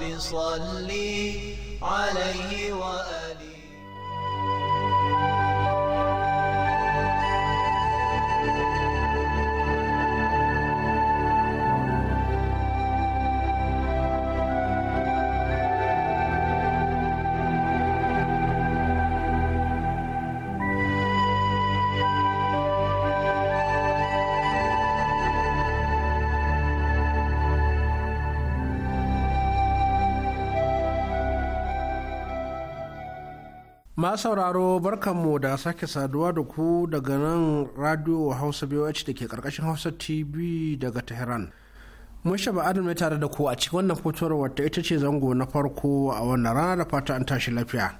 رب صلي عليه وآله ma sauraro barkanmu da sake saduwa da ku daga nan radio hausa boh da ke karkashin hausa tv daga tehran mun shaba adam tare da ku a cikin wannan fitowar wata ita ce zango na farko a wannan rana da fata an tashi lafiya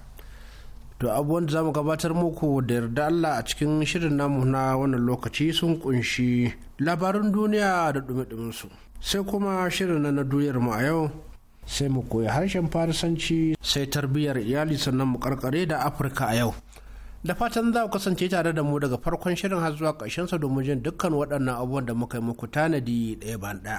to abubuwan da zamu gabatar muku da yarda allah a cikin shirin namu na wannan lokaci sun kunshi labarin duniya da dumi su sai kuma shirin na duniyar mu a yau sai mu koyi harshen farisanci sai tarbiyyar iyali sannan mu karkare da afirka a yau da fatan za ku kasance tare da mu daga farkon shirin har zuwa sa domin jin dukkan waɗannan abubuwan da muka yi muku tanadi ɗaya ban ɗaya.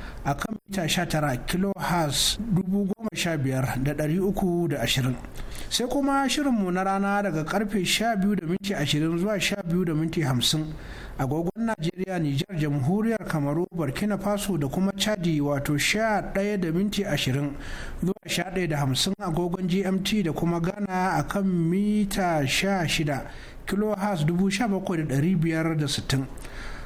a kan mita 19 kilohertz 15320 sai kuma shirinmu na rana daga karfe 12.20 zuwa sha 12.50 agogon najeriya nijar jamhuriyar kamaru burkina faso da kuma chadi wato 11.20 zuwa sha da hamsin agogon gmt da kuma ghana a kan mita 16 kilohertz 17,560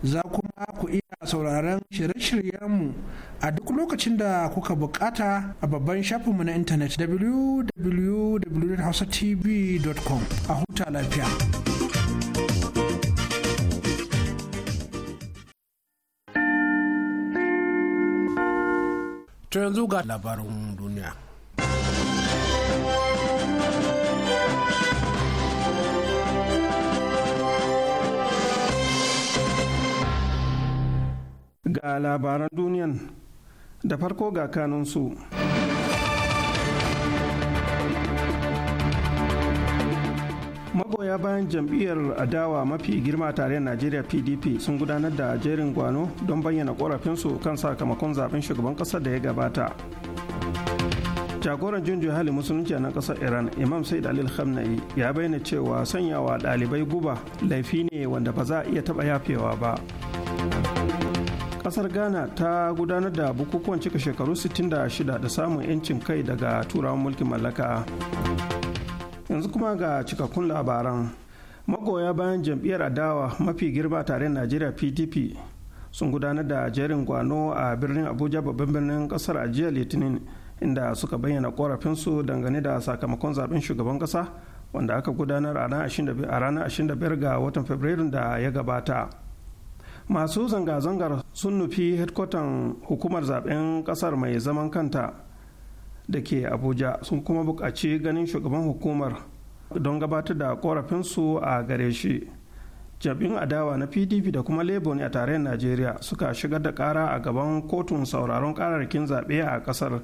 za kuma ku iya sauraron shirye-shiryenmu a duk lokacin da kuka bukata a babban shafinmu na intanet www.hausatv.com a huta lafiya. To yanzu ga labarin ga labaran duniyan da farko ga kanunsu magoya bayan jam'iyyar adawa mafi girma tare najeriya pdp sun gudanar da jerin gwano don bayyana korafinsu kan sakamakon zaben shugaban kasar da ya gabata jagoran junju hali musulunci na kasar iran imam said alil khamnai ya bayyana cewa sanyawa dalibai guba laifi ne wanda ba za a iya taba yafewa ba kasar ghana ta gudanar da bukukuwan cika shekaru 66 da samun 'yancin kai daga turawan mulkin mallaka yanzu kuma ga cikakkun labaran magoya bayan jam'iyyar adawa mafi girma tare najeriya pdp sun gudanar da jerin gwano a birnin abuja babban birnin kasar a jiya litinin inda suka bayyana korafinsu dangane da sakamakon zaben shugaban kasa wanda aka gudanar a ranar 25 ga watan fabrairun da ya gabata masu zanga-zangar sun nufi hedkwatan hukumar zaben kasar mai zaman kanta da ke abuja sun kuma buƙaci ganin shugaban hukumar don gabatar da korafinsu a gare shi jam'in adawa na pdp da kuma labour a tarayyar najeriya suka shigar da kara a gaban kotun sauraron kararrakin zaɓe a ƙasar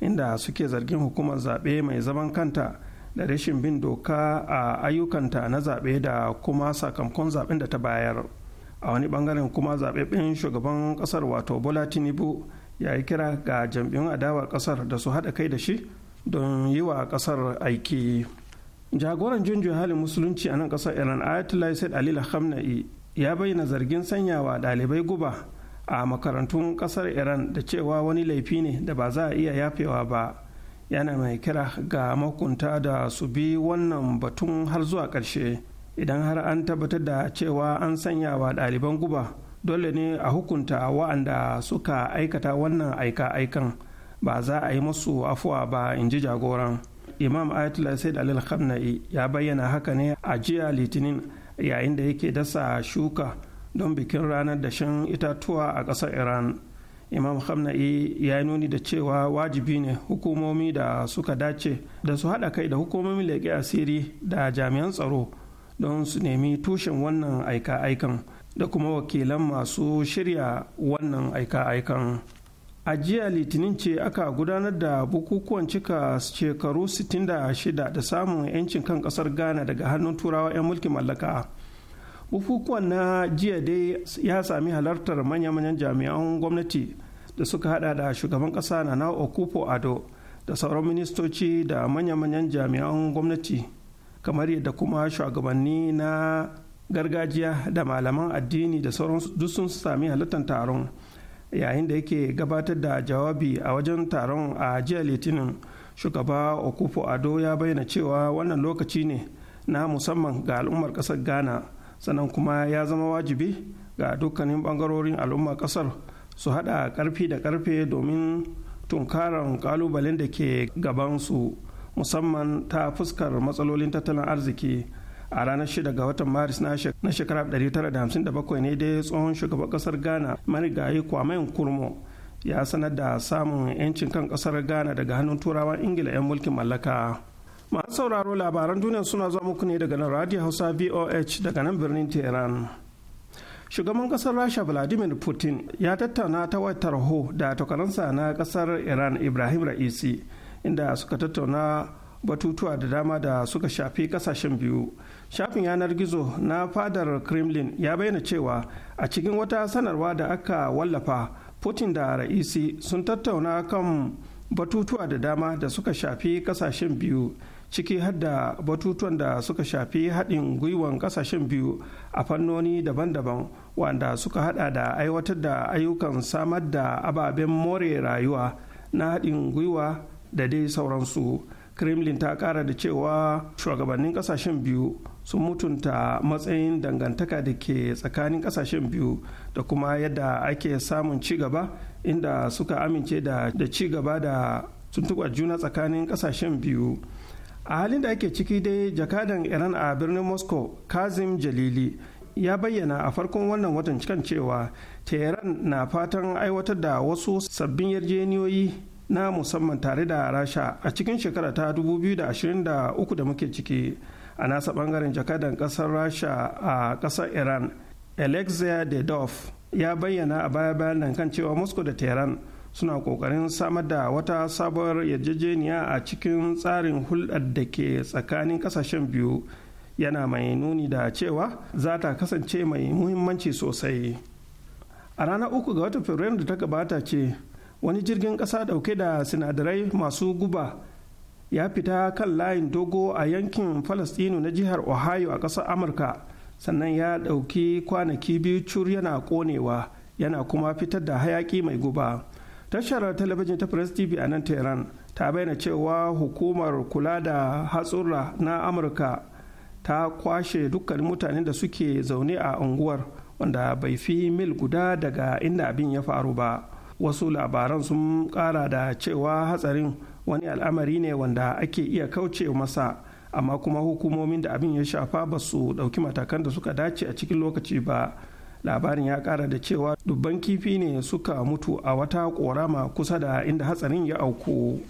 inda suke zargin hukumar zaɓe mai zaman kanta da rashin bin doka a ayyukanta na zaɓe da kuma sakamakon zaɓen da ta bayar a wani bangaren kuma zaɓaɓɓen shugaban ƙasar wato bola tinubu ya yi kira ga jam'iyyun adawar ƙasar da su haɗa kai da shi don yi wa ƙasar aiki jagoran junjun halin musulunci a nan ƙasar iran ayatollah said alila hamna'i ya bayyana zargin sanyawa ɗalibai guba a makarantun ƙasar iran da cewa wani laifi ne da ba za a iya yafewa ba yana mai kira ga makunta da su bi wannan batun har zuwa ƙarshe idan har an tabbatar da cewa an sanya wa ɗaliban guba dole ne a hukunta wa'anda suka aikata wannan aika-aikan ba za a yi musu afuwa ba in ji jagoran imam ayatollah said alil khamna'i ya bayyana haka ne a jiya litinin yayin da yake dasa shuka don bikin ranar dashen itatuwa a ƙasar iran imam hamna'i ya yi nuni da cewa wajibi ne hukumomi da suka dace da su haɗa kai da hukumomin leƙe asiri da jami'an tsaro don su nemi tushen wannan aika-aikan da kuma wakilan masu shirya wannan aika-aikan a jiya litinin ce aka gudanar da bukukuwan cika shekaru 66 da samun 'yancin kan kasar ghana daga hannun turawa 'yan mulkin mallaka bukukuwan na jiya dai ya sami halartar manya-manyan jami'an gwamnati da suka hada da shugaban kasa na Okupo ado da sauran ministoci da manya-manyan jami'an gwamnati kamar yadda kuma shugabanni na gargajiya da malaman addini da sauran duk sun sami halittar taron yayin da yake gabatar da jawabi a wajen taron a jiya litinin shugaba okufo ado ya bayyana cewa wannan lokaci ne na musamman ga al'ummar kasar ghana sannan kuma ya zama wajibi ga dukkanin bangarorin al'ummar kasar su haɗa karfi da karfe domin tunkaran kalubalen da ke gabansu musamman ta fuskar matsalolin tattalin arziki a ranar 6 ga watan maris na shekara 1957 ne dai tsohon shugaban kasar ghana marigayi kwame kurmo ya sanar da samun 'yancin kan kasar ghana daga hannun turawan ingila 'yan mulkin mallaka masu sauraro labaran duniya suna zuwa muku ne daga nan radio hausa voh daga nan birnin tehran shugaban kasar rasha vladimir putin ya tattauna ta watar ho da tokaransa na kasar iran ibrahim ra'isi inda suka tattauna batutuwa da dama da suka shafi kasashen biyu shafin yanar gizo na fadar kremlin ya bayyana cewa a cikin wata sanarwa da aka wallafa putin da ra'isi sun tattauna kan batutuwa da dama da suka shafi kasashen biyu ciki har batutuwan da suka shafi haɗin gwiwan kasashen biyu a fannoni daban-daban wanda suka hada da aiwatar da ayyukan samar da ababen more rayuwa na haɗin gwiwa da dai sauransu kremlin ta kara da cewa shugabannin kasashen biyu sun mutunta matsayin dangantaka da ke tsakanin kasashen biyu da kuma yadda ake samun ci gaba inda suka amince da ci gaba da tuntuɓa juna tsakanin kasashen biyu a halin da ake ciki dai jakadan iran a birnin moscow kazim jalili ya bayyana a farkon wannan watan cikan cewa tehran na fatan aiwatar da wasu sabbin yarjejeniyoyi. na musamman tare da rasha a cikin shekara ta 2023 da muke ciki a nasa bangaren jakadan kasar rasha a kasar iran alexia dedov ya bayyana a baya bayan nan kan cewa moscow da tehran suna kokarin samar da wata sabuwar yarjejeniya a cikin tsarin hulɗar da ke tsakanin kasashen biyu yana mai nuni da cewa za ta kasance mai muhimmanci sosai a ranar uku ga watan da ta gabata ce wani jirgin ƙasa ɗauke da sinadarai masu guba ya fita kan layin dogo a yankin falastinu na jihar ohio a ƙasar amurka sannan ya ɗauki kwanaki biyu cur yana ƙonewa yana kuma fitar da hayaƙi mai guba tashar talabijin ta press tv a nan tehran ta bayyana cewa hukumar kula da hatsura na amurka ta kwashe dukkan mutanen da suke zaune a unguwar wanda bai fi mil guda daga inda abin ya faru ba wasu labaran sun kara da cewa hatsarin wani al'amari ne wanda ake iya kauce masa amma kuma hukumomin da abin ya shafa ba su ɗauki matakan da suka dace a cikin lokaci ba labarin ya kara da cewa dubban kifi ne suka mutu a wata korama kusa da inda hatsarin ya auku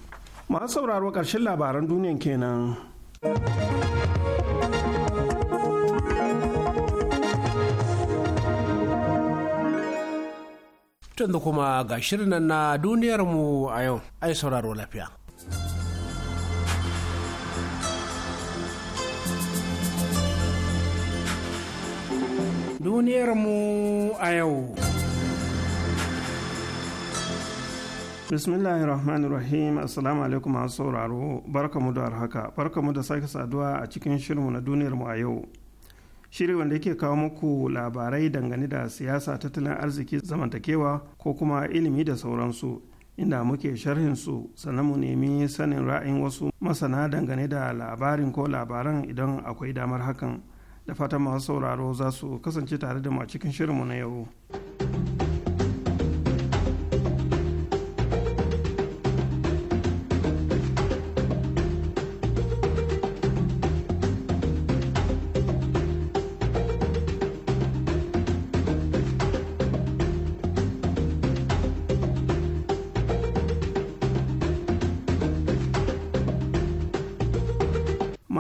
masu sauraro ƙarshen labaran duniyan kenan. yanzu kuma ga shirin na duniyarmu a yau ai sauraro lafiya duniyarmu a yau bismillahi rahmanir rahim assalamu alaikum masu sauraro barkamu da haka barkamu da sake saduwa a cikin shirinmu na duniyarmu a yau shiri wanda yake kawo muku labarai dangane da siyasa tattalin arziki zamantakewa ko kuma ilimi da sauransu inda muke sharhin su sannan mu nemi sanin ra'ayin wasu masana dangane da labarin ko labaran idan akwai damar hakan da fatan masu sauraro za su kasance tare da mu a cikin shirinmu na yau.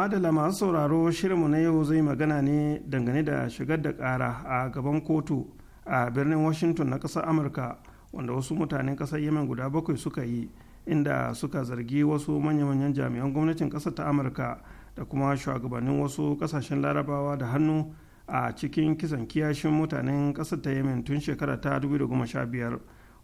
adala masu sauraro shirinmu na yau zai magana ne dangane da shigar da ƙara a gaban kotu a birnin washington na kasar amurka wanda wasu mutanen kasar yemen guda bakwai suka yi inda suka zargi wasu manya-manyan jami'an gwamnatin ƙasar ta amurka da kuma shugabannin wasu ƙasashen larabawa da hannu a cikin kisan kiyashin mutanen ƙasar ta yemen tun shekara ta 2015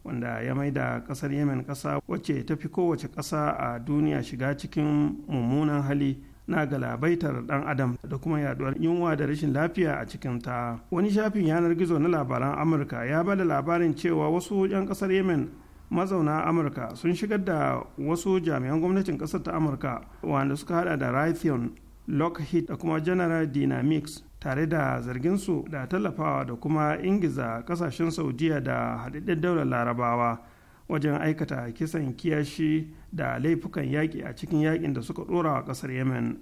wanda ya mai da ƙasar yemen kasa wacce ta fi kowace ƙasa a duniya shiga cikin mummunan hali na galabaitar dan adam da kuma yaduwar yunwa da rashin lafiya a cikin ta wani shafin yanar gizo na labaran amurka ya bada labarin cewa wasu 'yan kasar yemen mazauna amurka sun shigar da wasu jami'an gwamnatin kasar ta amurka wanda suka hada da raytheon lockheed da kuma general dynamics tare da zarginsu da tallafawa da kuma ingiza kasashen saudiya da haɗaɗɗen daular larabawa wajen aikata kisan kiyashi da laifukan yaƙi a cikin yaƙin da suka ɗora wa ƙasar yemen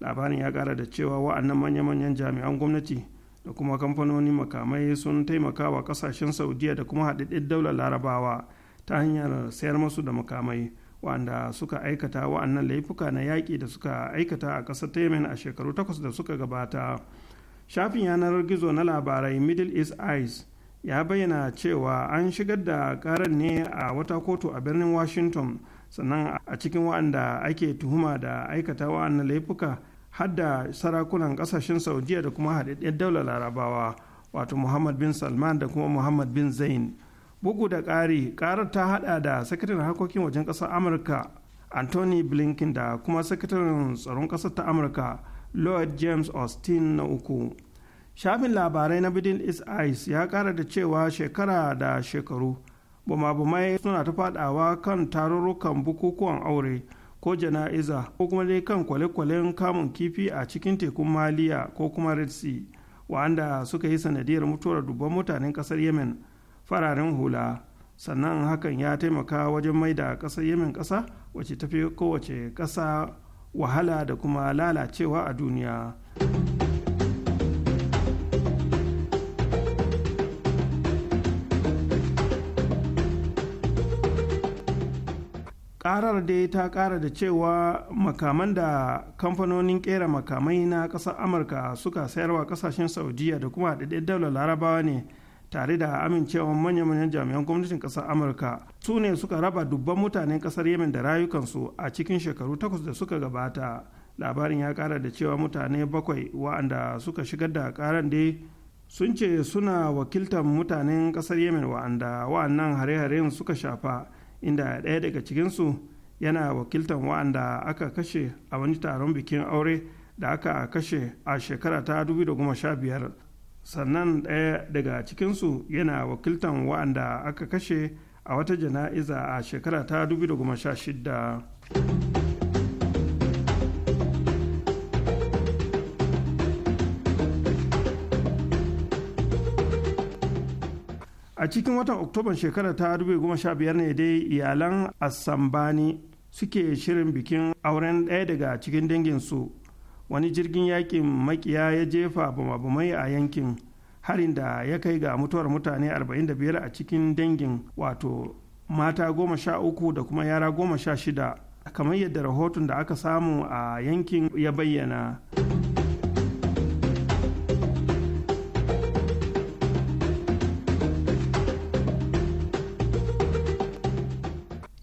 labarin ya ƙara da cewa wa'annan manya-manyan jami'an gwamnati da kuma kamfanoni makamai sun taimaka wa ƙasashen saudiya da kuma haɗaɗɗen daular larabawa ta hanyar sayar masu da makamai wanda suka aikata wa'annan laifuka na yaƙi da suka aikata a ƙasar ta yemen a shekaru takwas da suka gabata shafin yanar gizo na labarai middle east eyes ya bayyana cewa an shigar da karar ne a wata kotu a birnin washington sannan a cikin waɗanda ake tuhuma da aikata wa'annan laifuka har da sarakunan ƙasashen saudiya da kuma haɗaɗɗiyar daular larabawa wato muhammad bin salman da kuma muhammad bin zain bugu da ƙari karar ta haɗa da sakataren harkokin wajen ƙasar amurka anthony blinken da kuma sakataren tsaron ƙasar ta amurka lord james austin na uku shafin labarai na middle east eyes ya kara da cewa shekara da shekaru bumabumai suna ta fadawa kan tarurrukan bukukuwan aure ko jana'iza ko kuma dai kan kwale-kwalen kamun kifi a cikin tekun maliya ko kuma red sea wanda suka yi sanadiyar mutuwar dubban mutanen kasar yemen fararen hula sannan hakan ya taimaka wajen mai da kasar yemen kasa wacce tafi kowace kasa wahala da kuma lalacewa a duniya. karar dai ta kara da cewa makaman da kamfanonin kera makamai na kasar amurka suka sayarwa kasashen saudiya da kuma haɗaɗɗen daular larabawa ne tare da amincewar manya-manyan jami'an gwamnatin kasar amurka su ne suka raba dubban mutanen kasar yemen da rayukansu a cikin shekaru takwas da suka gabata labarin ya kara da cewa mutane bakwai wa'anda suka shigar da karan dai sun ce suna wakiltar mutanen kasar yemen wa'anda wa'annan hare-haren suka shafa inda ɗaya daga cikinsu yana wakiltan wa'anda aka kashe a wani taron bikin aure da aka kashe a shekara ta 2015 sannan ɗaya daga cikinsu yana wakiltan wa'anda aka kashe a wata jana'iza a shekara ta 2016 a cikin watan oktoban shekara ta 2015 ne dai iyalan asambani suke shirin bikin auren ɗaya daga cikin danginsu wani jirgin yakin makiya ya jefa bamabamai a yankin harin da ya kai ga mutuwar mutane 45 a cikin dangin wato mata goma sha uku da kuma yara goma sha shida kamar yadda rahoton da aka samu a yankin ya bayyana.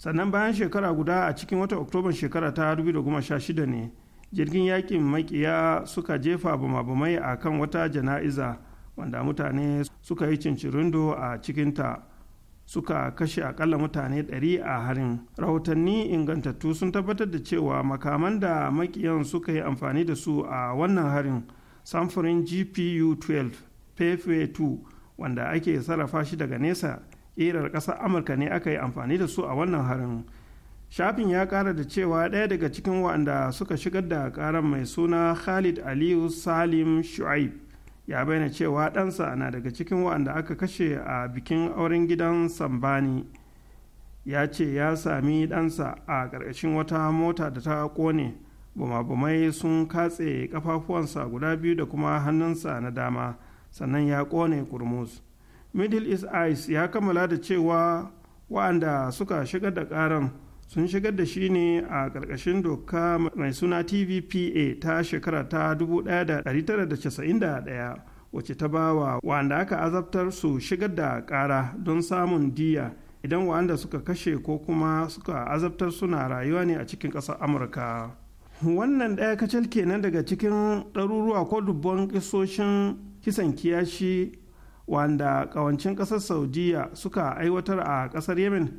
sannan bayan shekara guda a cikin wata oktoban shekara ta 2016 ne jirgin yakin makiya suka jefa bama a kan wata jana'iza wanda mutane suka yi cincirindo a cikinta suka kashe akalla mutane 100 a harin rahotanni ingantattu sun tabbatar da cewa makaman da makiyan suka yi amfani da su a wannan harin samfurin gpu 12 pfa 2 wanda ake sarrafa shi daga nesa irar e, ƙasar amurka ne aka yi amfani da su a wannan harin shafin ya ƙara da cewa ɗaya daga cikin waɗanda suka shigar da ƙarar mai suna khalid aliyu salim shu'aib ya bayyana cewa ɗansa na daga cikin waɗanda aka kashe a bikin auren gidan sambani ya ce ya sami ɗansa a ƙarƙashin wata mota da ta ƙone bumabumai sun katse kafafuwansa guda biyu da kuma hannunsa na dama sannan ya ƙone kurmus middle east eyes ya kammala da cewa wa'anda suka shigar da karan sun shigar da shi ne a ƙarƙashin doka mai suna tvpa ta shekara ta 1991 wacce ta bawa wa wa'anda aka azabtar su shigar da ƙara don samun diya idan wa'anda suka kashe ko kuma suka azabtar suna rayuwa ne a cikin ƙasar amurka wannan ɗaya kacal kenan daga cikin ɗaruruwa ko dubban kisoshin kisan kiyashi wanda kawancin kasar saudiya suka aiwatar a kasar yemen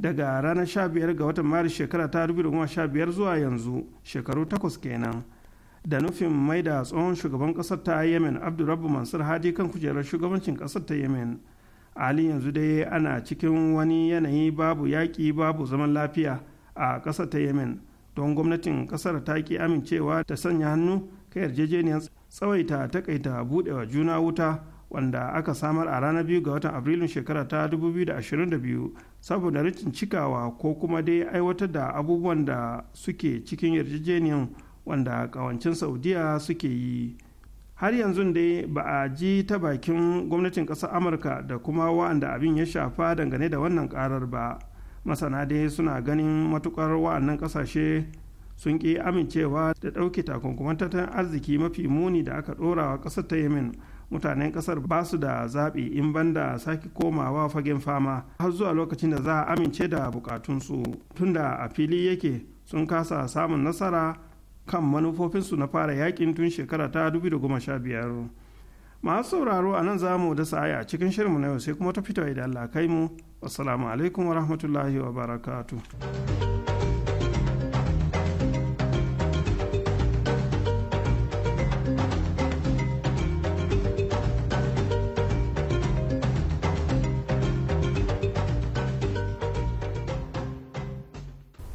daga ranar 15 ga watan maris shekara ta 2015 zuwa yanzu shekaru takwas kenan da nufin mai da tsohon shugaban kasar ta yemen abdurrabu mansur hadi kan kujerar shugabancin kasar ta yemen halin yanzu dai ana cikin wani yanayi babu yaƙi babu zaman lafiya a ƙasar ta yemen don gwamnatin ƙasar ta ki amincewa ta sanya hannu ka yarjejeniyar tsawaita takaita buɗewa juna wuta wanda aka samar a ranar biyu ga watan abrilun shekara ta 2022 saboda rikin cikawa ko kuma dai aiwatar da abubuwan da suke cikin yarjejeniyar wanda kawancin saudiya suke yi har yanzu dai ba a ji ta bakin gwamnatin ƙasar amurka da kuma wa'anda abin ya shafa dangane da wannan karar ba masana dai suna ganin matukar wa'annan kasashe sun ƙi amincewa da ɗauke takunkuman tattalin arziki mafi muni da aka ɗora wa ƙasar ta yamin. mutanen kasar ba su da zaɓi in banda sake komawa fagen fama har zuwa lokacin da za a amince da bukatunsu tunda a fili yake sun kasa samun nasara kan manufofinsu na fara yakin tun shekara ta 2015 masu sauraro a nan zamu da sa'aya a cikin shirinmu na yau sai kuma ta fito idan Allah kai mu assalamu alaikum wa rahmatullahi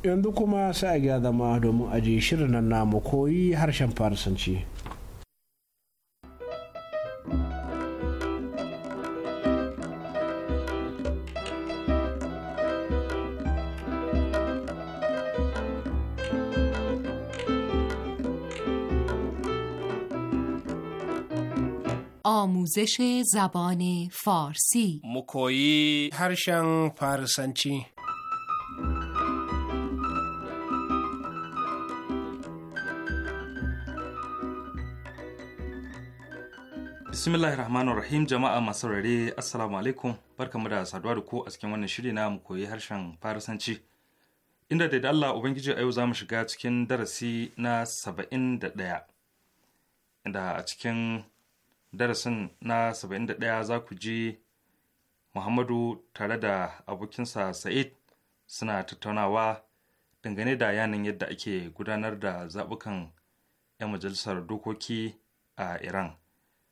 yanzu kuma sai a zama domin aje shirin nan namu koyi harshen farisanci. آموزش زبان فارسی مکویی هرشن فارسنچی Bismillahirrahmanirrahim jama'a masu rare assalamu alaikum barkamu da saduwa da ku a cikin wannan shiri na mu koyi harshen farisanci inda da Allah ubangiji a yau za mu shiga cikin darasi na saba'in da ɗaya inda a cikin darasin na saba'in da ɗaya za ku ji Muhammadu tare da abokinsa Sa'id suna tattaunawa dangane da yanin yadda ake gudanar da zaɓukan 'yan majalisar dokoki a Iran.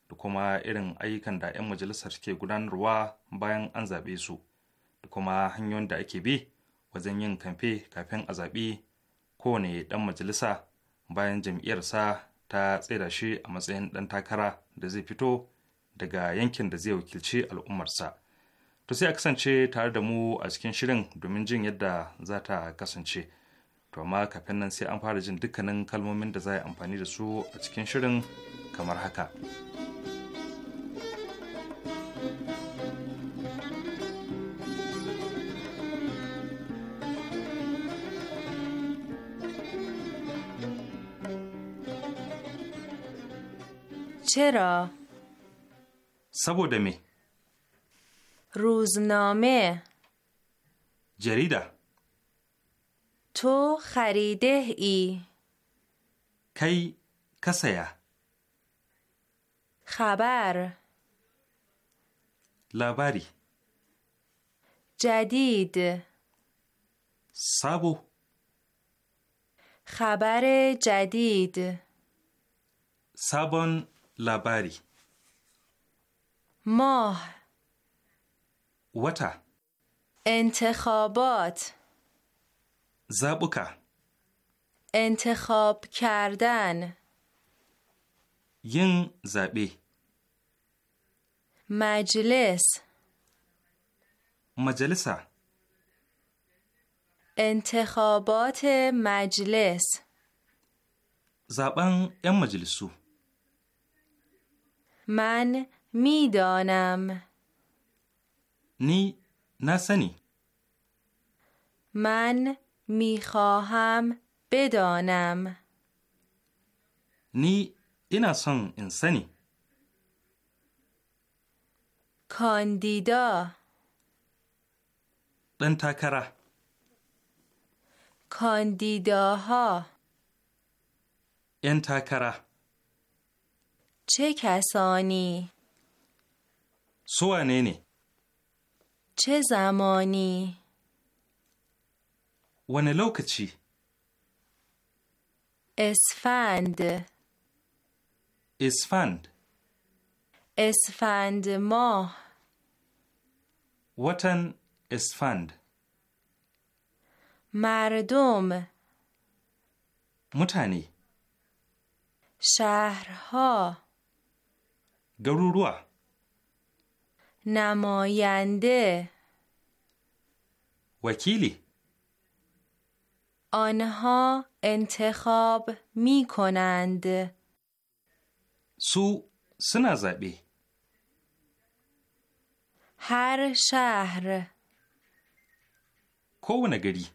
da kuma irin ayyukan da 'yan majalisar ke gudanarwa bayan an zaɓe su da kuma hanyoyin da ake bi wajen yin kamfe kafin a zaɓi kowane ɗan majalisa bayan jam'iyyarsa ta tsaida shi a matsayin ɗan takara da zai fito daga yankin da zai wakilci al'ummarsa. To sai a kasance tare da mu a cikin shirin domin jin yadda za ta kasance. To amma kafin nan sai an fara jin dukkanin kalmomin da za a yi amfani da su a cikin shirin kamar haka. چرا؟ سبوده می روزنامه جریده تو خریده ای کی کسیا خبر لبری جدید سبو خبر جدید سبان لاباری ماه وتا انتخابات زابوکا انتخاب کردن ین زابه مجلس مجلسا انتخابات مجلس زبان یم مجلسو من میدانم نی نسنی من میخواهم بدانم نی اینا سن انسانی کاندیدا دن کاندیداها انتاکره چه کسانی؟ سوانینی چه زمانی؟ ونه لوکچی اسفند اسفند اسفند ماه وطن اسفند مردم متنی شهرها گرورو نماینده وکیلی آنها انتخاب می کنند سو سنازبی هر شهر کوونگری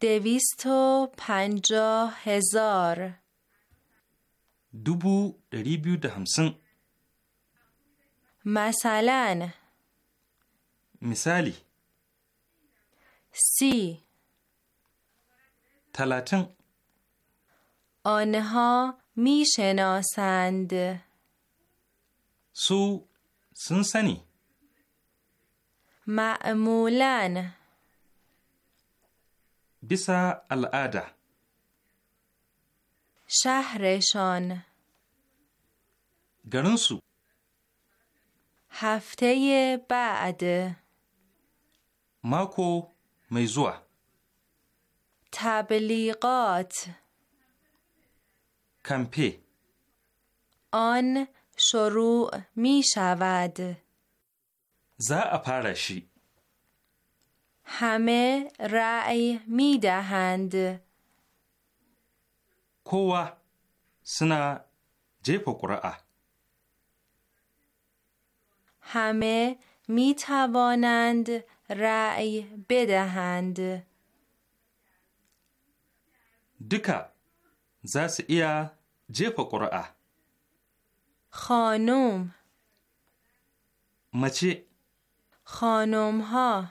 دویست و پنجاه هزار dubu ɗari biyu da hamsin. Masalan Misali Si Talatin Onha mishenosand Su sun sani Ma'amulan Bisa al'ada شهرشان گرنسو هفته بعد ماکو میزوع تبلیغات کمپی آن شروع می شود زا اپارشی همه رأی می دهند کوه سنا جیپ قرعه همه می توانند رأی بدهند دکا زاس ایا جیپ قرعه خانم مچی خانم ها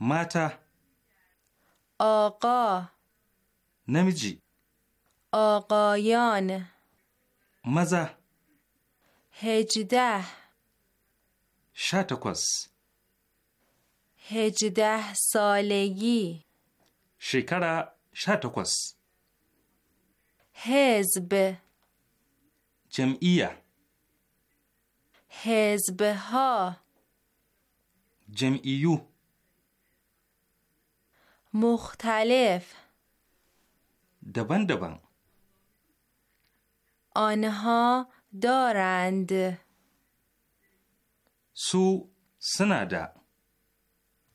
ماتا آقا نمیجی آقایان مزه هجده شتکس هجده سالگی شکر شتکس حزب جمعیه حزب ها جمعیو مختلف دبن آنها دارند سو سنادا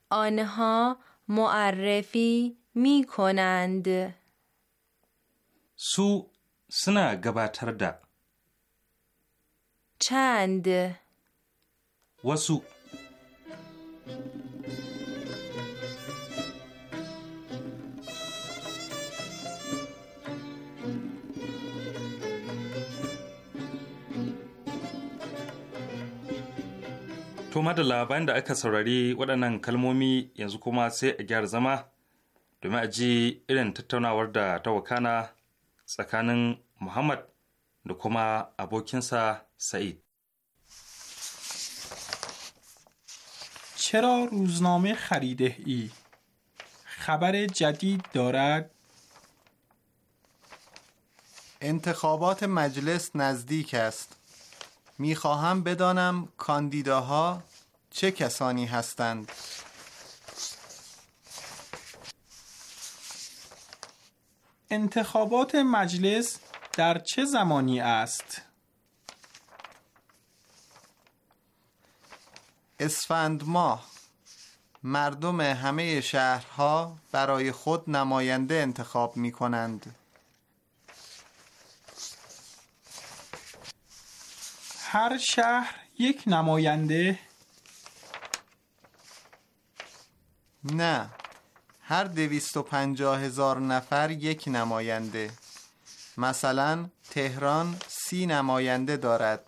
آنها معرفی می کنند سو سنا گباتر دا چند سو To madalla bayan da aka saurari waɗannan kalmomi yanzu kuma sai a gyara zama domin a ji irin tattaunawar da ta wakana tsakanin Muhammad da kuma abokinsa Sa'id. چرا روزنامه خریده ای؟ خبر جدید دارد؟ انتخابات مجلس نزدیک است. میخواهم بدانم کاندیداها چه کسانی هستند انتخابات مجلس در چه زمانی است؟ اسفند ماه مردم همه شهرها برای خود نماینده انتخاب می کنند. هر شهر یک نماینده نه هر دویست و پنجاه هزار نفر یک نماینده مثلا تهران سی نماینده دارد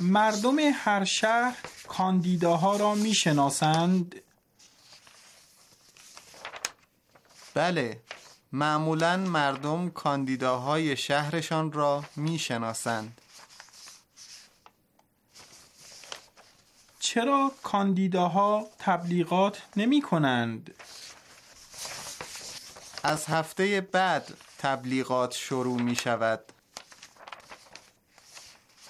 مردم هر شهر کاندیداها را میشناسند بله معمولا مردم کاندیداهای شهرشان را میشناسند چرا کاندیداها تبلیغات نمی کنند؟ از هفته بعد تبلیغات شروع می شود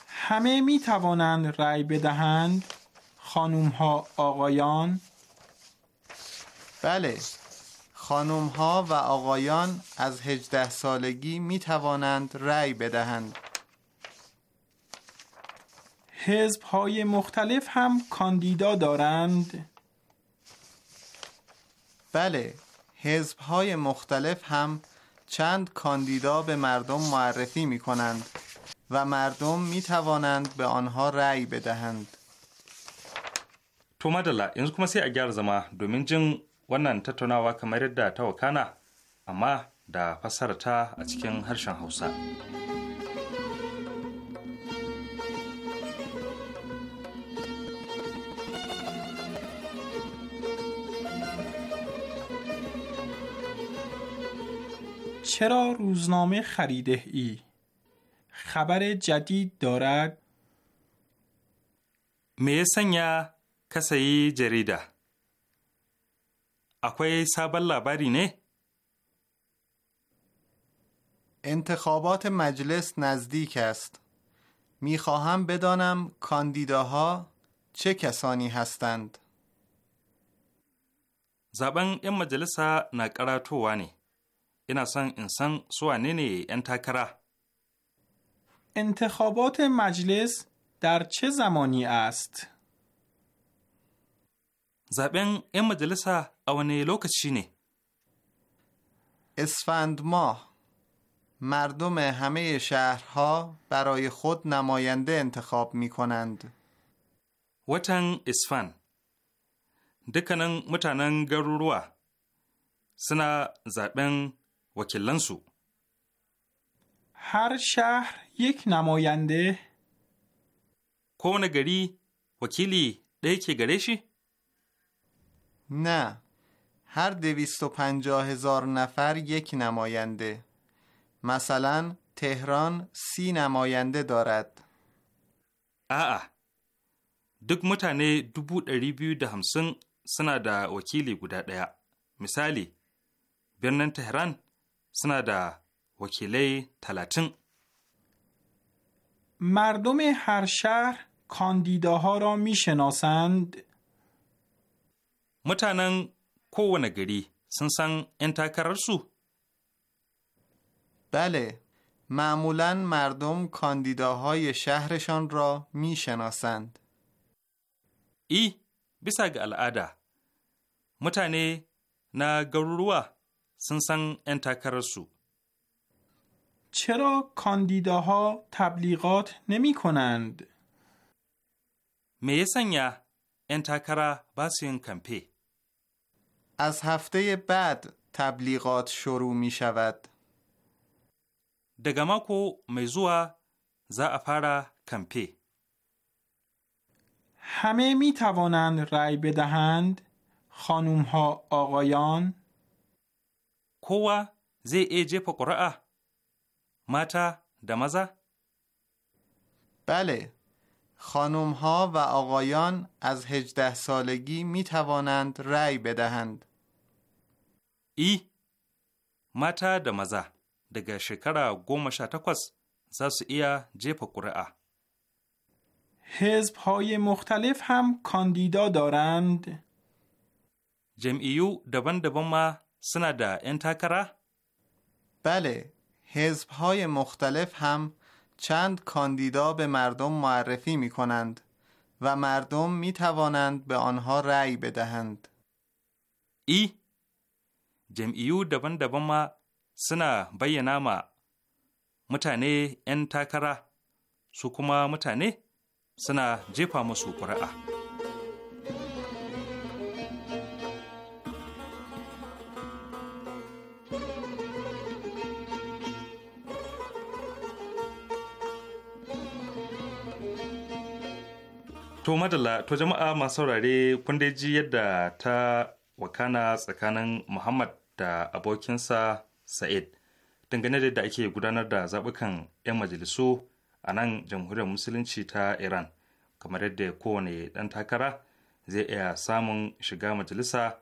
همه می توانند رأی بدهند خانم ها آقایان بله خانم ها و آقایان از هجده سالگی می توانند رأی بدهند. حزب های مختلف هم کاندیدا دارند؟ بله، حزب های مختلف هم چند کاندیدا به مردم معرفی می کنند و مردم می توانند به آنها رأی بدهند. تو مدلا، کمسی اگر زما دومین wannan tattaunawa kamar yadda ta wakana amma da fasarta a cikin harshen hausa چرا روزنامه خریده ای؟ خبر جدید دارد؟ میسن یا کسی جریده اکوی sabon لبری نه؟ انتخابات مجلس نزدیک است. میخواهم بدانم کاندیداها چه کسانی هستند. زبان این مجلس تو وانی. این اصلا انسان نی انتکره. انتخابات مجلس در چه زمانی است؟ زبان این مجلس a wane lokaci ne اسفند ماه مردم همه شهرها برای خود نماینده انتخاب می کنند. وطن اسفن دکنن متنن گروروا سنا زبن وکلنسو هر شهر یک نماینده کون گری وکیلی دیکی گریشی؟ نه هر دویست و پنجاه هزار نفر یک نماینده مثلا تهران سی نماینده دارد آه آه دک متانه دوبو دری بیو ده همسن سنا دا وکیلی بوده دیا مثالی برنن تهران سنا دا وکیلی تلاتن مردم هر شهر کاندیداها را می شناسند kowane gari sun san 'yan takararsu? بله معمولا مردم کاندیداهای shahrishan ra می شناسند. ای bisa ga al'ada mutane na garuruwa sun san 'yan takararsu. چرا کاندیداها تبلیغات نمی کنند؟ میسن یا انتاکرا باسین کمپی؟ از هفته بعد تبلیغات شروع می شود. دگماکو میزوا زا افارا کمپی همه می توانند رای بدهند خانوم ها آقایان کو، زی ایجه پا ماتا دمزا بله خانم ها و آقایان از هجده سالگی می توانند رأی بدهند. ای متا د مزا شکر shekara گوم sha takwas za های مختلف هم کاندیدا دارند. جمعیو دبن ما سنا دا انتکره؟ بله، حزب های مختلف هم چند کاندیدا به مردم معرفی می کنند و مردم می توانند به آنها رأی بدهند. ای جمعیو دبن دبن ما سنا بینا ما متانه ان تاکره سو kuma متانه سنا To madalla to jama'a masu saurare kun dai ji yadda ta wakana tsakanin Muhammad da abokinsa Sa'id dangane da yadda ake gudanar da zaɓukan 'yan majalisu a nan jamhuriyar musulunci ta Iran kamar yadda kowane ɗan takara zai iya samun shiga majalisa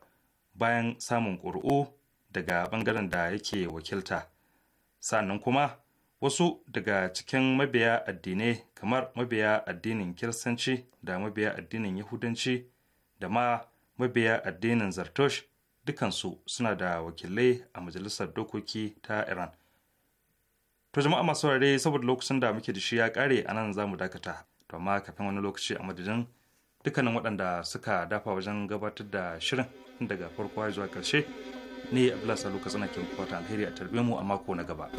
bayan samun ƙuri'u daga ɓangaren da yake wakilta sannan kuma wasu daga cikin mabiya addinai kamar mabiya addinin kiristanci da mabiya addinin yahudanci da ma mabiya addinin zartosh dukansu suna da wakilai a majalisar dokoki ta iran to jama'a masu saurare saboda lokacin da muke da shi ya kare a nan za mu dakata to amma kafin wani lokaci a madadin dukkanin waɗanda suka dafa wajen gabatar da shirin daga farko zuwa ƙarshe ne a abdullahi saluka kyan kwata alheri a tarbe mu a mako na gaba.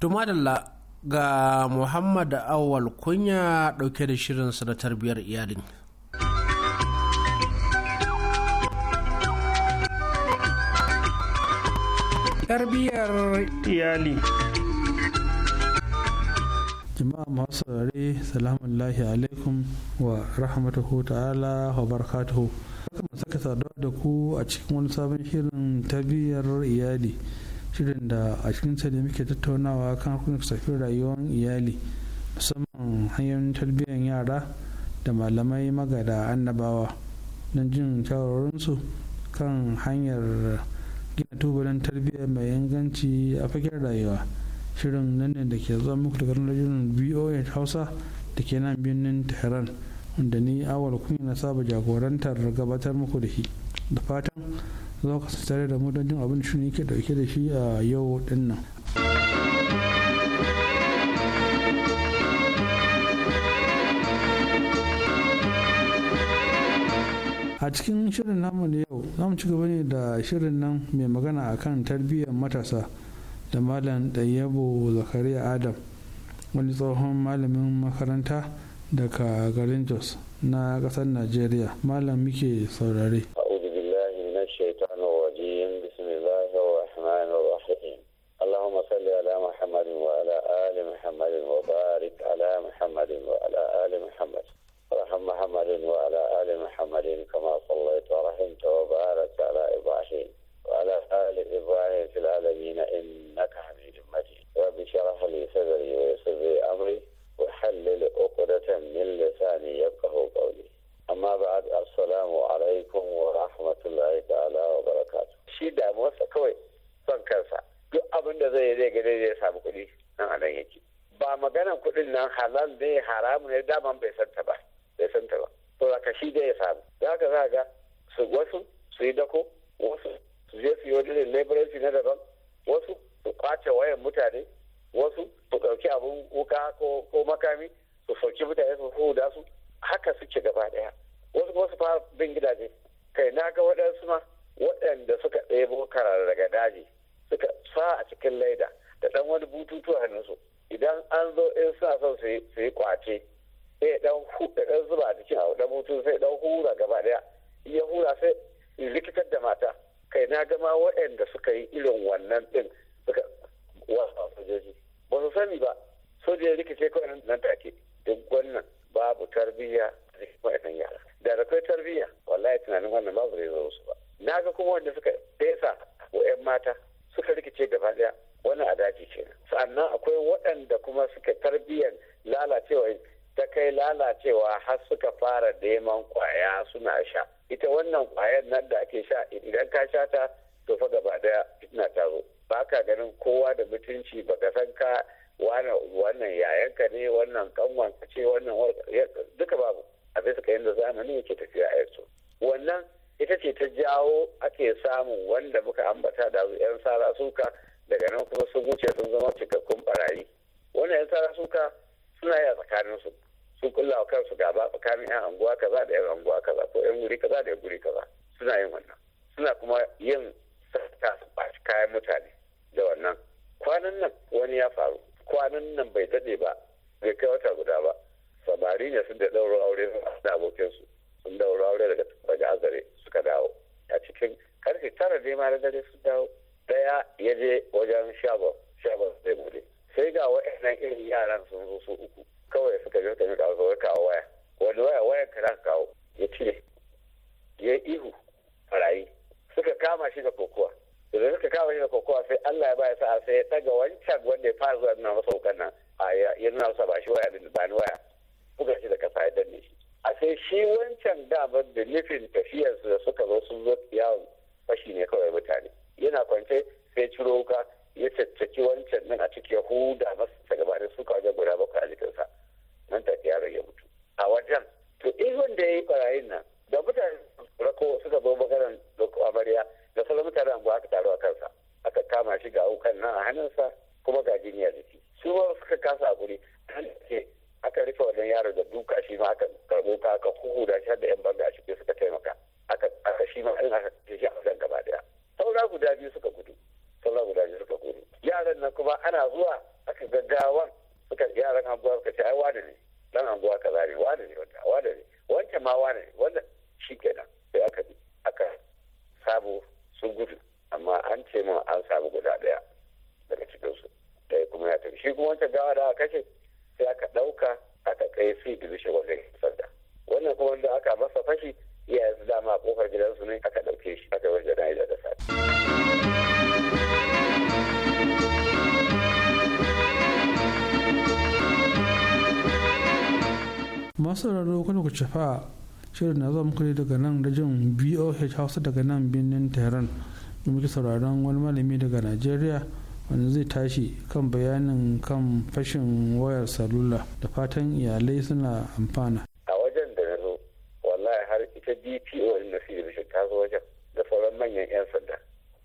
Tumadalla ga Muhammad Awal kunya ɗauke da shirinsa na tarbiyyar iyalin. Tarbiyyar iyali. jama'a masu saurari. salamun lahi alaikum wa rahmatuhu ta'ala wa barakatuhu haka mu saka saduwa da ku a cikin wani sabon shirin tabiyar iyali shirin da a cikin sa muke tattaunawa kan harkokin safin rayuwar iyali musamman hanyar tarbiyyar yara da malamai magada annabawa don jin shawarorinsu kan hanyar gina tubalin tarbiyya mai inganci a fagen rayuwa shirin nan da ke zuwa muku da daga rajin voa hausa da ke nan birnin tehran da ni awal kunya na saba jagorantar gabatar muku da shi da fatan za ku tare da mu don jin abin shi ne ke dauke da shi a yau din nan a cikin shirin namu na yau za mu ci gaba ne da shirin nan mai magana akan tarbiyyar matasa da malam ɗayyabo zakariya adam wani tsohon malamin makaranta daga garin jos na ƙasar nigeria malam muke saurare halal de haram ne ne yake tafiya a yanzu wannan ita ce ta jawo ake samun wanda muka ambata da yan sara suka daga nan kuma sun wuce sun zama cikakkun barayi wannan yan sara suka suna yi a tsakaninsu sun kulla wa kansu gaba tsakanin yan anguwa kaza da yan anguwa kaza ko yan guri kaza da yan guri kaza suna yin wannan suna kuma yin sata su bashi kayan mutane da wannan kwanan nan wani ya faru kwanan nan bai daɗe ba bai kai wata guda ba samari ne sun da ɗauro aure da abokinsu sun dauro aure daga daga azare suka dawo a cikin karfe tara dai ma na dare sun dawo daya ya je wajen shagon shagon zai bude sai ga wa'annan irin yaran sun zo su uku kawai suka je ka kawo wasu kawo waya wani waya wayan ka za ka kawo ya cire ya ihu barayi suka kama shi da kokowa da suka kama shi da kokowa sai Allah ya baya sa'a sai ya daga wancan wanda ya fara zuwa nuna masa nan a ya nuna masa ba shi waya ba ni waya buga shi da kasa ya danne shi a sai shi wancan damar da nufin tafiyarsu da suka zo sun zo yawon fashi ne kawai mutane yana kwance sai ciro ka ya caccaki wancan nan a cikin huda masu ta gabanin suka wajen guda bakwai a jikinsa nan take ya rage mutu a wajen to in wanda ya yi barayin nan da mutane rako suka zo bakaran amarya da sauran mutane anguwa aka taru a kansa aka kama shi ga wukan nan a hannunsa kuma ga jini a jiki su ma suka kasa a guri aka rufe wannan yaro da duka shi ma aka karbo ka aka da shi da yan banga a cikin suka taimaka aka aka shi ma in aka shi a wajen gaba daya saura guda biyu suka gudu saura guda biyu suka gudu yaran nan kuma ana zuwa aka gaggawan suka yaran anguwa suka ce ai wani ne dan anguwa kaza ne wani ne wanda wani ne wancan ma wani ne wanda shi kenan sai aka aka sabo sun gudu amma an ce ma an samu guda daya daga cikinsu ɗaya kuma ya tafi shi kuma wancan gawa da aka kashe sai aka ɗauka aka kai fi division wajen sanda wannan kuma wanda aka masa fashi iya yanzu dama a kofar gidansu ne aka ɗauke shi aka wajen jana'iza da sati. masu sauraro kuna ku cefa shirin na zo muku ne daga nan rajin boh hausa daga nan birnin tehran da muke sauraron wani malami daga najeriya wanda zai tashi kan bayanin kan fashin wayar salula da fatan iyalai suna amfana a wajen da na zo wallahi har ita dpo na sirri ta zo wajen da sauran manyan 'yan sanda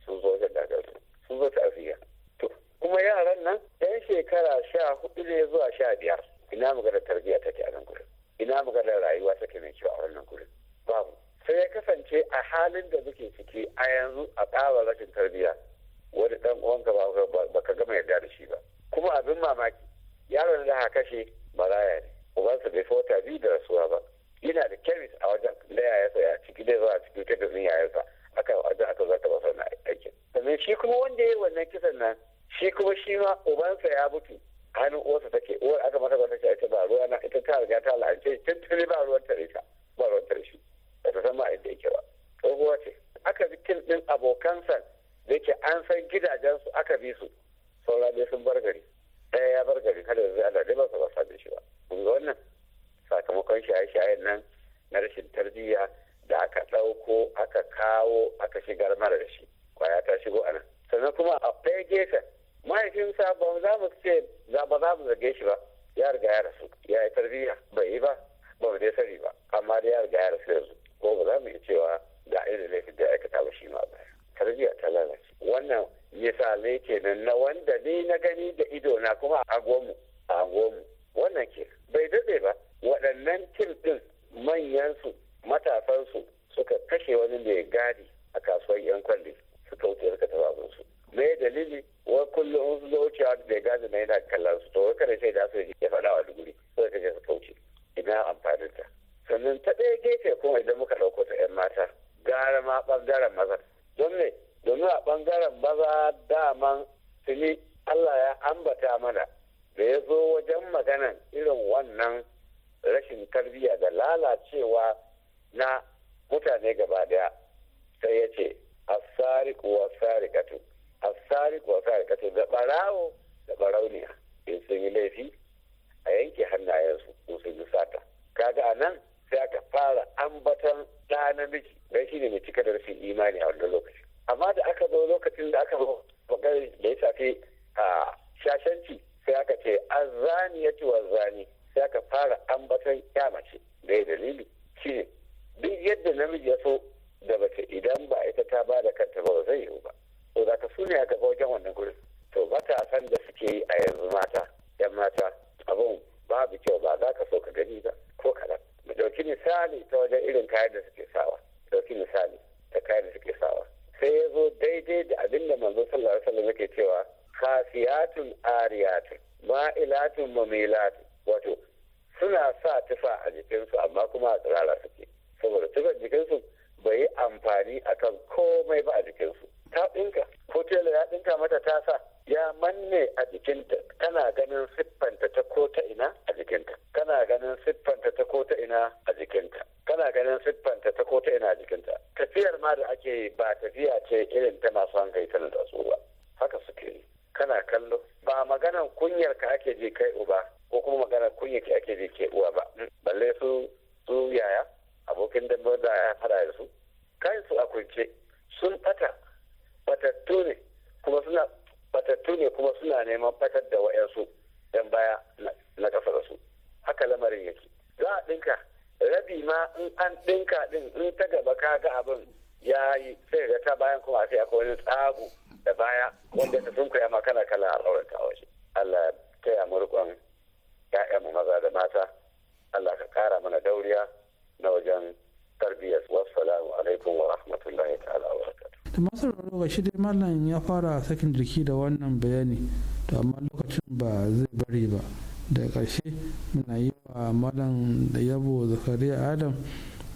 sun zo wajen daga su sun zo ta'aziyya to kuma yaran nan yan shekara sha hudu ne zuwa sha biyar ina maganar tarbiyya take a nan gurin ina maganar rayuwa take mai kyau a wannan gurin babu sai ya kasance a halin da muke ciki a yanzu a tsara rashin tarbiyya wani dan uwanka ba ka gama yarda da shi ba kuma abin mamaki yaron da haka kashe maraya ne ubansa bai fota biyu da rasuwa ba yana da kemis a wajen da yayansa ya ciki da zuwa ciki ta da yayansa aka wajen aka zata ba sana aikin sannan shi kuma wanda ya yi wannan kisan nan shi kuma shi ma ubansa ya mutu hannun uwarsa take uwar aka mata ba ta ce ba ruwa na ita ta riga ta la'ance tuntuni ba ruwan tare ta ba ruwan tare shi ba ta san ma inda yake ba tsohuwa ce aka bi kin din abokansa da ke an san gidajen su aka bi su saura dai sun bar gari ɗaya ya bar gari kada zai ana dai ba su ba da shi ba kun ga wannan sakamakon shaye-shayen nan na rashin tarbiyya da aka ɗauko aka kawo aka shigar mara da shi kwaya ta shigo a sannan kuma a ɗaya gefen mahaifinsa ba za mu ce za ba za mu zage shi ba ya riga ya rasu ya yi tarbiyya bai yi ba ba mu dai sani ba amma da ya riga ya rasu yanzu ko ba za mu iya cewa da irin laifin da aikata ba shi ma baya tarbiyya ta lalace wannan misalai kenan na wanda ni na gani da ido na kuma a gomu a gomu wannan ke bai daɗe ba waɗannan tim ɗin manyansu matasansu suka kashe wani mai gadi a kasuwar yan kwalli suka wuce suka taɓa su me dalili wa kullum su zo wucewa mai gadi na yana kallon su to wai kada sai da su ya faɗa wa duguri sai ka je suka ina amfanin ta sannan ta ɗaya gefe kuma idan muka ɗauko ta 'yan mata gara ma ɓangaren mazan. don ne domin a ɓangaren maza daman tuni Allah ya ambata mana da ya zo wajen maganan irin wannan rashin tarbiyya da lalacewa na mutane gaba daya sai ya ce a wa sarikatu a wa sarikatu da barawo da barauniya in sun yi laifi a yanke hannayensu sun yi sata kaga a nan sai aka fara ambatar ɗa namiji dan shine mai cika da rashin imani a wannan lokaci amma da aka zo lokacin da aka zo da ya shafi a shashanci sai aka ce azani ya ci zani sai aka fara ambatar ya mace da dalili shine duk yadda namiji ya so da mace idan ba ita ta ba da kanta ba zai yiwu ba to za ka sune a gaba wajen wannan gurin to ba san da suke yi a yanzu mata yan mata abun babu kyau ba za ka so ka gani ba ko kaɗan mu ɗauki misali ta wajen irin kayan da suke sawa ɗauki misali ta kayan da suke sawa sai ya zo daidai da abin da manzo sallallahu alaihi wasallam yake cewa khasiyatun ariyatun ma'ilatun mamilatun wato suna sa tufa a jikinsu amma kuma a tsirara suke saboda tufar jikinsu bai yi amfani akan komai ba a jikinsu ta ɗinka ko tela ya ɗinka mata tasa ya manne a jikinta kana ganin siffanta ta ko ta ina a jikinta da ake ba tafiya ce irin ta masu hankali da su ba haka suke yi kana kallo ba maganan kunyar ka ake ji kai uba ko kuma maganar kunyar ka ake je ke uwa ba balle su sakin jiki da wannan bayani to amma lokacin ba zai bari ba da ƙarshe muna yi wa malam da yabo zakariya adam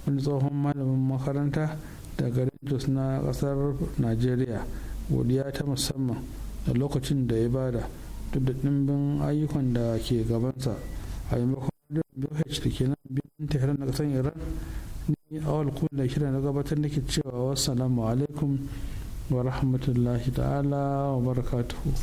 wani tsohon malamin makaranta da garin jos na ƙasar najeriya godiya ta musamman da lokacin da ya bada duk da ɗimbin ayyukan da ke gabansa a maimakon bh da ke nan birnin tehran na ƙasar iran ni awal kun da shirin na gabatar nake cewa salamu alaikum wa rahmatullahi ta'ala wa barakatuhu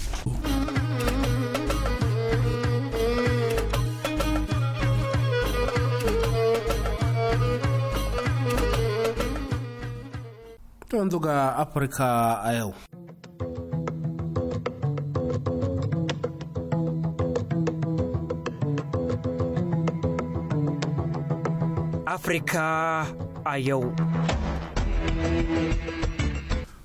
to yanzu ga afirka a yau afirka a yau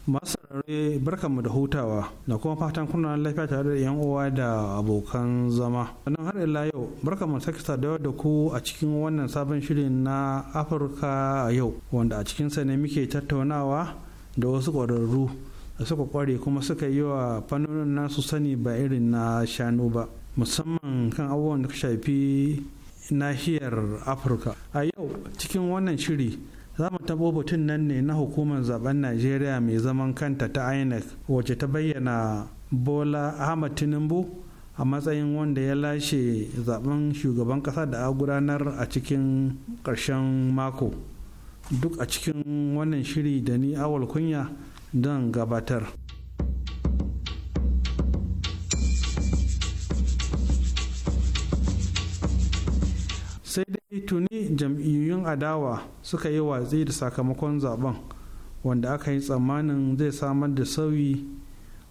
masu rarre barkanmu da hutawa da kuma fatan kuna lafiya tare da yan uwa da abokan zama sannan har ila yau mu sake saduwa da ku a cikin wannan sabon shirin na afirka a yau wanda a cikin ne muke tattaunawa da wasu ƙwararru da suka ƙware kuma suka yi wa fannonin nasu sani ba irin na shanu ba musamman kan abubuwan da shafi nahiyar afirka a yau cikin wannan shiri za mu tabo batun nan ne na hukumar zaben najeriya mai zaman kanta ta inec wacce ta bayyana bola ahmad tinubu a matsayin wanda ya lashe zaben shugaban kasa da a gudanar a cikin ƙarshen mako duk a cikin wannan shiri da ni awal kunya don gabatar sai dai tuni jam'iyyun adawa suka yi watsi da sakamakon zaben wanda aka yi tsammanin zai samar da sauyi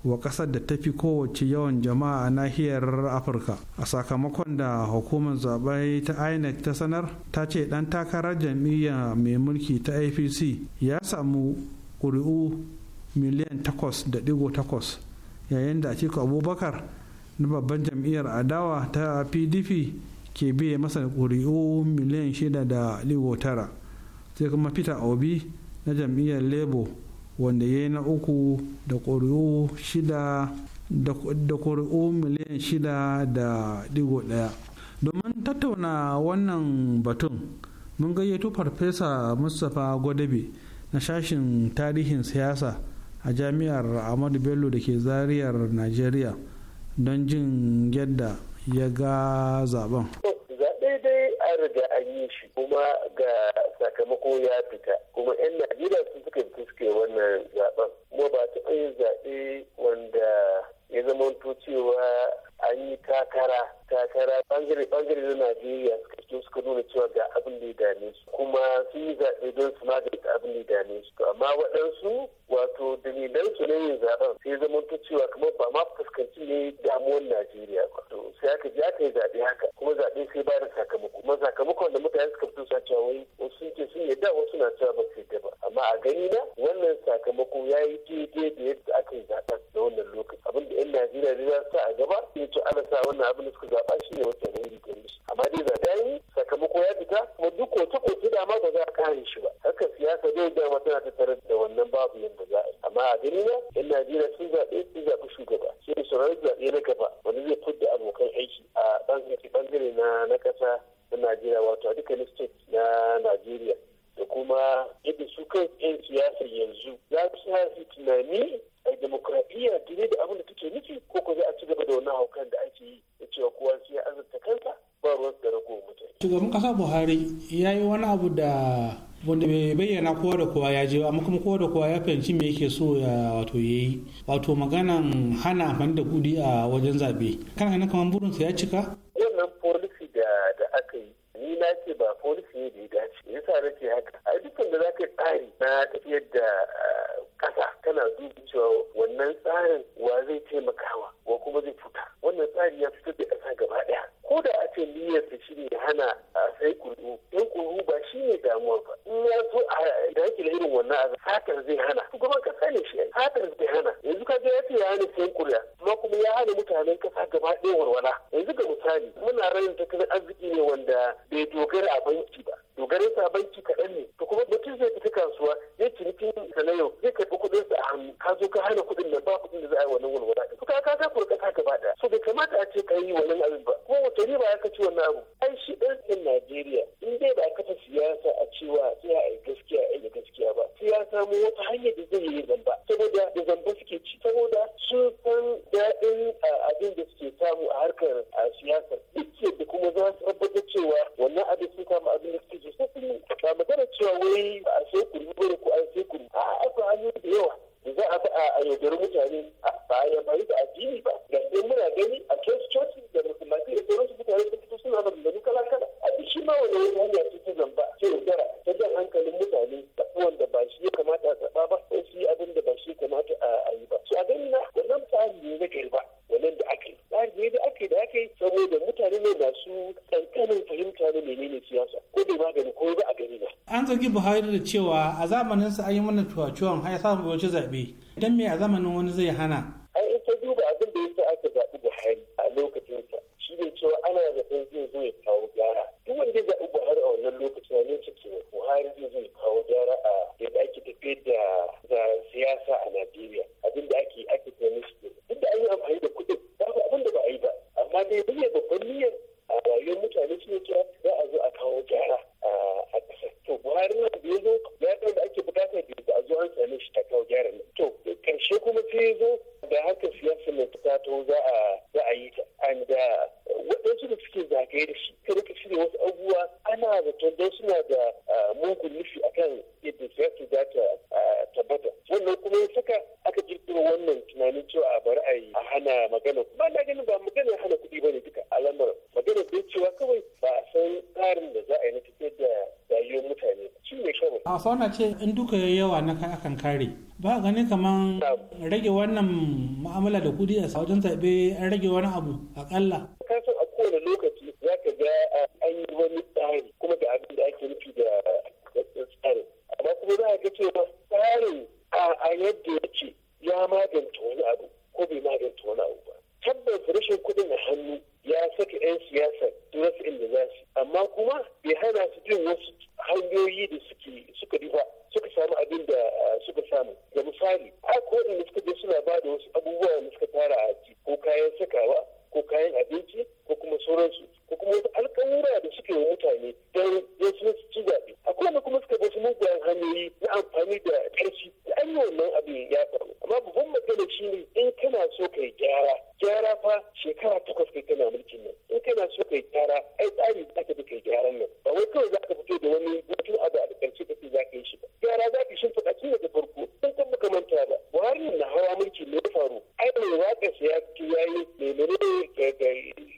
wa ƙasar da tafi kowace yawan jama'a a nahiyar afirka a sakamakon da hukumar zaɓe ta inec ta sanar ta ce ɗan takarar jam'iyya mai mulki ta apc ya samu ƙuri'u miliyan 8.8 yayin da atiku abubakar na babban jam'iyyar adawa ta pdp ke biye masa da ƙuri'u miliyan shida da ligo tara sai kuma peter obi na jam'iyyar labour wanda ya yi na uku da ƙuri'u shida da ƙuri'u miliyan shida da digo ɗaya domin tattauna wannan batun mun gayyato farfesa mustapha gwadabe na sashin tarihin siyasa a jami'ar ahmadu bello da ke zariyar nigeria don jin yadda ya ga zaben zaɓe dai an riga an yi shi kuma ga sakamako ya fita kuma 'yan najeriya su suka fuske wannan zaben kuma ba ta yin zaɓe wanda ya zama cewa an yi takara takara bangare bangare na najeriya suka fito suka nuna cewa ga abin da ya dame su kuma sun yi zaɓe don su magance abin da ya dame su to amma waɗansu wato dalilan su ne yin zaɓen sai zama ta cewa kamar ba ma fuskanci ne damuwar najeriya ba to sai aka je aka yi zaɓe haka kuma zaɓe sai ba da sakamako kuma sakamakon da mutane suka fito sa cewa wai wasu sun sun yadda wasu na cewa ba su yadda ba amma a gani na wannan sakamako ya yi daidai da yadda aka yi zaɓen na wannan lokaci abin da 'yan najeriya zai su sa a gaba to ana sa wannan abin da suka zaɓa shi ne wata ne da amma dai za ta yi sakamako ya fita kuma duk kotu kotu da ma ba za ka kare shi ba haka siyasa dai da tana tattare da wannan babu yadda za a yi amma a gani na yan najeriya sun zaɓe sun zaɓi shugaba sai da sauraron zaɓe na gaba wani zai fudda abokan aiki a ɓangare na na ƙasa na najeriya wato a dukkanin state na najeriya da kuma yadda su kan 'yan siyasa yanzu za su tunani ai demokradiyya dire da abin da take nufi ko ko a ci gaba da wannan haukan da ake yi da cewa kowa sai ya azurta kansa ba ruwan da rago mutane. Shugaban kasa Buhari ya yi wani abu da wanda bai bayyana kowa da kowa ya je amma kuma kowa da kowa ya fahimci me yake so ya wato yayi wato maganan hana amfani da kudi a wajen zabe kana ganin kamar burinsa ya cika wannan policy da da aka yi ni na ce ba polisi ne da ya dace me yasa na ce haka a dukkan da zaka tsari na tafiyar da kasa ah, tana dubi cewa wannan tsarin wa zai taimakawa wa kuma zai fita wannan tsari ya fitar da kasa gaba daya ko da a ce niyyar ta shi ne hana a ah, sai kuru yan kuru ba shi ne damuwa ba in ya so a da irin wannan a fatar zai hana shugaban kasa ne shi fatar zai hana yanzu ka ga ya ce ya hana sai kuriya amma kuma ya hana mutanen kasa gaba daya walwala arziki ne wanda bai dogara a banki ba dogarinsa a banki buhari da cewa a zamanin sa an yi mana tuwaciwon har ya samu zaɓe idan me a zamanin wani zai hana za a yi ta and uh, waɗansu da suke zagaye da shi kada ka shirya wasu abubuwa ana zaton don suna da uh, mugun nufi akan yadda siyasa za ta uh, tabbata wannan kuma ya saka aka jirgin wannan tunanin cewa a bari a yi a hana magana kuma na ganin ba magana hana kuɗi ba ne duka alamar maganar bai cewa kawai ba a san tsarin da za a yi na tafiyar da rayuwar mutane shi ne kawai. a fauna ce in duka yawa na akan kare ba ganin kamar rage wannan ma'amala da kuɗi a wajen zaɓe an rage wani abu akalla. kasan a kowane lokaci za ka ga ah, an yi wani tsari kuma da abin da ake nufi da tsarin amma kuma za a ga cewa tsarin ah, a yadda ya ce ya magance wani abu ko bai magance wani abu ba tabbas rashin kuɗin a hannu ya saka 'yan siyasa turas inda za su amma kuma bai hana su jin wasu hanyoyi da suke suka riba suka samu abin da ah, suka samu ga misali akwai waɗanda suka je suna ba da wasu abubuwa da suka fara a ko kayan sakawa ko kayan abinci ko kuma sauransu ko kuma wasu alkawura da suke wa mutane don wasu ci zaɓe akwai wanda kuma suka basu mugayen hanyoyi na amfani da ƙarfi da an yi wannan abin ya faru amma babban magana shi ne in kana so ka yi gyara gyara fa shekara takwas kai kana mulkin nan in kana so ka yi gyara ai tsari za ka bi kai gyaran nan ba wai kawai za ka fito da wani mutum abu a ƙarshe ka ce za ka yi shi ba gyara za ka shimfa ɗaki daga farko sun kan baka manta ba buhari na hawa mulki ne ya faru ai mai waƙa ya ya yi mai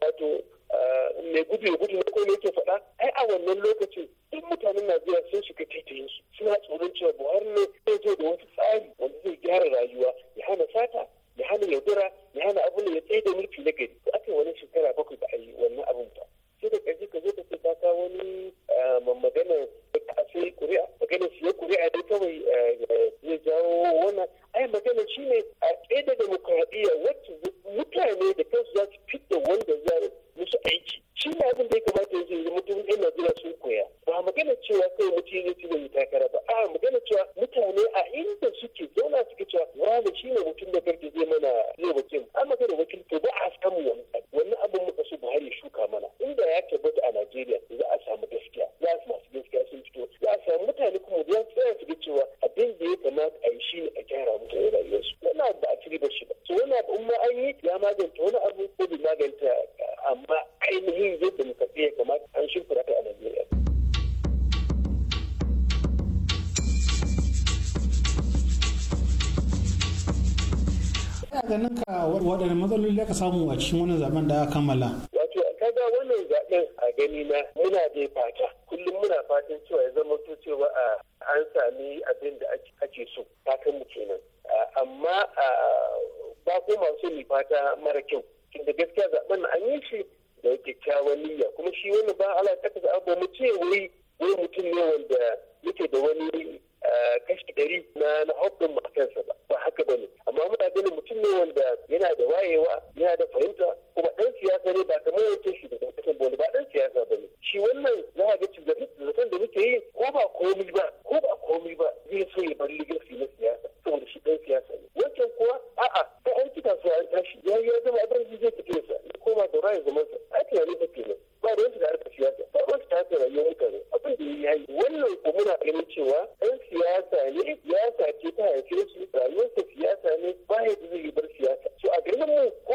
wato eh, mai gudu ya gudu na kuma yake faɗa ai a wannan lokacin duk mutanen najeriya sun shiga titiyin su suna tsoron cewa buhari ne zai zo da wasu tsari wanda zai gyara rayuwa ya hana sata ya hana yaudara ya hana abu ne ya tsaye da mulki na gari ko aka wani shekara bakwai ba a yi wannan abun ba sai da ƙarfi ka zo ka ce ka wani eh, maganar ka sai kuri'a maganar siya kuri'a dai kawai eh, a cikin wani zaben da aka kammala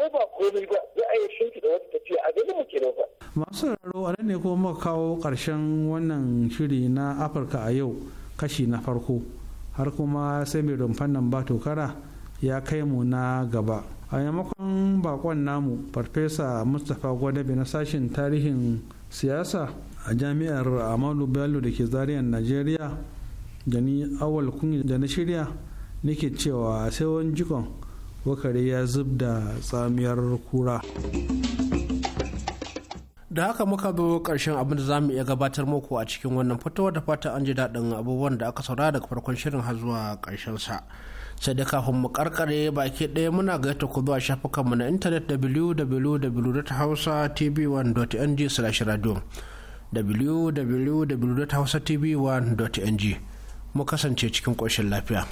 ko ba komai ba za a yi da wata tafiya a gani mu kenan ba. masu raro a ne kuma muka kawo ƙarshen wannan shiri na afirka a yau kashi na farko har kuma sai mai rumfan nan ba tokara ya kai mu na gaba a yamakon bakon namu farfesa mustapha gwadabe na sashen tarihin siyasa a jami'ar amadu bello da ke zariyar nigeria da ni awal kunya da na shirya nake cewa sai wani jikon wakare ya zub da tsamiyar kura da haka muka bi karshen abin da zamu iya gabatar muku a cikin wannan fitowar da fata an ji daɗin abubuwan da aka saurara daga farkon shirin har zuwa ƙarshen sa sai da kafin mu karkare baki ɗaya muna gaita ku zuwa mu na intanet www.hausatv1.ng/radio www.hausatv1.ng mu kasance cikin ƙoshin lafiya.